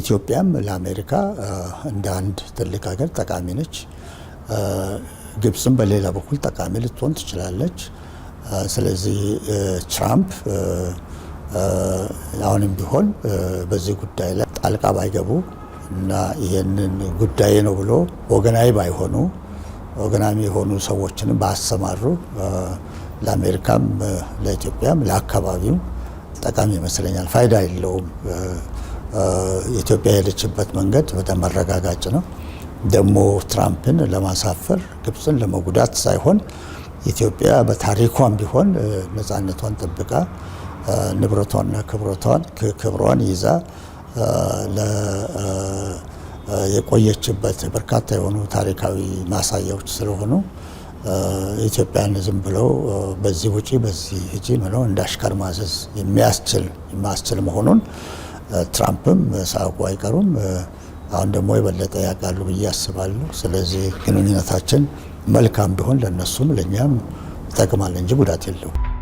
ኢትዮጵያም ለአሜሪካ እንደ አንድ ትልቅ ሀገር ጠቃሚ ነች። ግብፅም በሌላ በኩል ጠቃሚ ልትሆን ትችላለች። ስለዚህ ትራምፕ አሁንም ቢሆን በዚህ ጉዳይ ላይ ጣልቃ ባይገቡ እና ይህንን ጉዳይ ነው ብሎ ወገናዊ ባይሆኑ ወገናዊ የሆኑ ሰዎችንም ባሰማሩ ለአሜሪካም ለኢትዮጵያም ለአካባቢው ጠቃሚ ይመስለኛል። ፋይዳ የለውም። ኢትዮጵያ የሄደችበት መንገድ በጣም አረጋጋጭ ነው። ደግሞ ትራምፕን ለማሳፈር ግብፅን ለመጉዳት ሳይሆን ኢትዮጵያ በታሪኳም ቢሆን ነፃነቷን ጠብቃ ንብረቷና ክብረቷን ክብሯን ይዛ የቆየችበት በርካታ የሆኑ ታሪካዊ ማሳያዎች ስለሆኑ ኢትዮጵያን ዝም ብለው በዚህ ውጪ በዚህ ሂጂ ምለው እንዳሽከር ማዘዝ የሚያስችል መሆኑን ትራምፕም ሳያውቁ አይቀሩም። አሁን ደግሞ የበለጠ ያውቃሉ ብዬ አስባለሁ። ስለዚህ ግንኙነታችን መልካም ቢሆን ለእነሱም ለእኛም ይጠቅማል እንጂ ጉዳት የለውም።